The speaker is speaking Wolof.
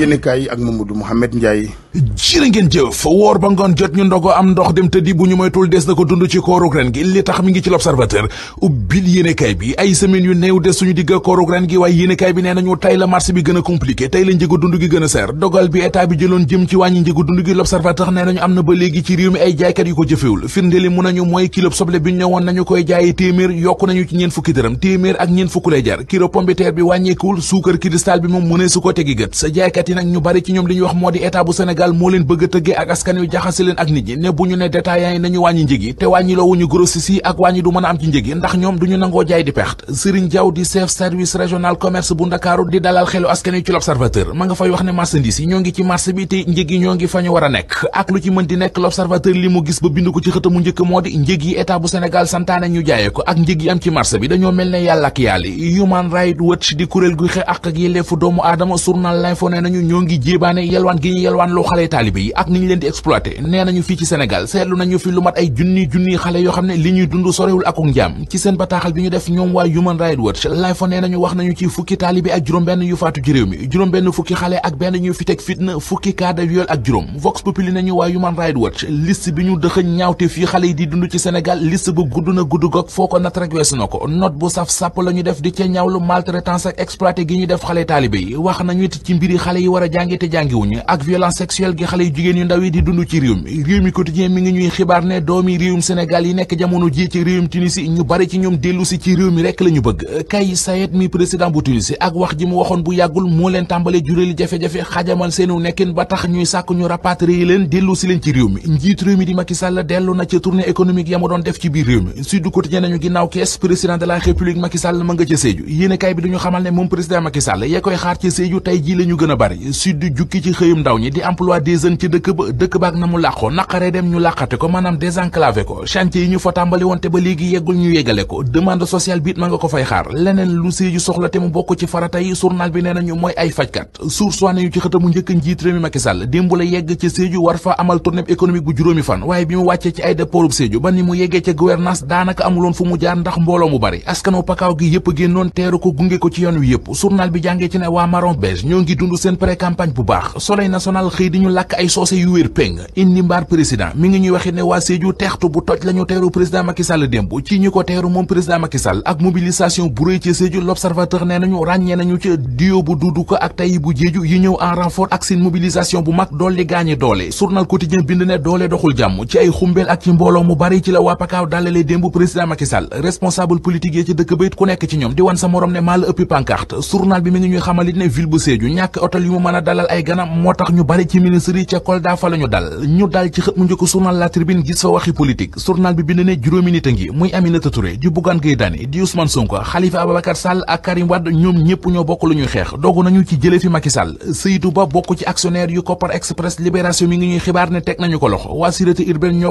yéenekaay yi ak Mamadou Mouhamed Ndiaye jërë ngeen jëf woor ba ngoon jot ñu ndogo am ndox dem tëddi bu ñu moytul des na ko dund ci koorug ren gi li tax mi ngi ci l'observateur ubbil yéenekaay bi ay semaines yu néew des suñu digg koorug ren gi waaye yéenekaay bi nee nañu tey la marché bi gën a compliqué la njëgu dund gi gën a dogal bi état bi jëloon jëm ci wàññi njëgu dund gi l'observateur nee nañu am na ba léegi ci réew mi ay ko tegi di service régional commerce bu Ndakaaru di dalal xelu askan yu ci l'Observateur ma nga fay wax ne marchandise yi ñoo ngi ci marché bi te njëg yi ñoo ngi fa ñu war a nekk ak lu ci mën di nekk l'Observateur li mu gis ba bind ko ci xëta njëkk moo di njëg yi état bu santaane ñu jaayee ko ak njëg yi am ci marché bi dañoo mel ne yàlla ak yàlla Human Rights Watch di kuréel gu xeex ak yelleefu doomu aadama journal l'info ne nañu ñoo ngi jéebaane yelwaan gi ñu yelwaan loo xale taalibe yi ak ni leen di exploité nee nañu fii ci Sénégal seetlu nañu fi lu mat ay junni junni xale yoo xam ne li ñuy dund sorewul akuk njaam ci seen bataaxal bi ñu def ñoom waa Human Rights Watch l'info nee nañu wax nañu ci fukki taalibe ak juróom-benn yu faatu ci réew mi juróom-benn fukki xale ak benn ñu fi teg fitna fukki cas de viol ak juróom Vox Populi nañu waa Human Rights Watch liste bi ñu dëxëñ ñaawte fii xale yi di dund ci Sénégal liste bu gudd na gudd gog foo ko natt rek weesu na ko note bu saf sàpp la ñu def di ca ñaawlu maltraitance ak exploité gi ñu def xale taalibe nañu it ci mbiri xale yi war a jàngi te jàngiwuñu ak violence sexuelle gi xale yu jigéen yu ndaw di dund ci réew mi réew mi quotidien mi ngi ñuy xibaar ne doomi réewum Sénégal yi nekk jamono ji ci réewum Tunisie ñu bari ci ñoom dellu si ci réew mi rekk la ñu bëgg Kay Sayed mi président bu Tunisie ak wax ji mu waxoon bu yàggul moo leen tàmbale juréeli jafe-jafe xajamal seenu nekkin ba tax ñuy sàkk ñu rapatrier leen dellu si leen ci réew mi njiit réew mi di Macky Sall dellu na ci tournée économique doon def ci biir réew mi Sud Quotidien nañu ginnaaw kees président de la république Macky Sall ma nga moom président Macky Sall ya yu tey jii la ñu gën a bari sud du jukki ci xëyum ndaw ñi di emploi des jeunes ci dëkk ba dëkk baak na mu làqoo naqaree dem ñu làqate ko maanaam désenclavé ko chantier yi ñu fa tàmbali woon ba léegi yeggul ñu yeggale ko demande sociale biit ma nga ko fay xaar leneen lu séeju soxla te mu bokk ci farata yi journal bi nee nañu mooy ay fajkat source yu ci xëtamu njëkk njiit mi Macky Sall démb la yegg ci séeju war fa amal tournée économique bu juróomi fan waaye bi mu wàccee ci ay déportub séeju ba ni ko gunge ko Norvège ñoo ngi dund seen pré-campagne bu baax soleil national xëy di ñu làkk ay soose yu wér péng indi mbaar président mi ngi ñuy waxit ne waa Sédhiou teextu bu toj la ñu teeru président Macky Sall démb ci ñi ko teeru moom président Macky ak mobilisation bu rëy ci Sédhiou l'observateur nee nañu ràññee nañu ca duo bu dudu ko ak tay bu jéeju yi ñëw en renfort ak seen mobilisation bu mag dolli gaañi doole journal quotidien bind ne doole doxul jàmm ci ay xumbeel mu bari ci la waa bu Sédhiou ñàkk hôtel yu mu mën a dalal ay ganam moo tax ñu bari ci ministre yi ca Kolda ñu dal ñu dal ci xët mu njëkk journal La gis fa waxi politique journal bi bind ne juróomi nit a ngi muy Aminata Touré di Bougane Gueye di Ousmane Sonko Khalifa Ababacar Sall ak Karim Wade ñoom ñëpp ñoo bokk lu ñuy xeex dogu nañu ci jële fi Macky Sall Ba bokk ci actionnaire yu Copper Express Libération mi ngi ñuy xibaar ne teg nañu ko loxo waa sûreté urbaine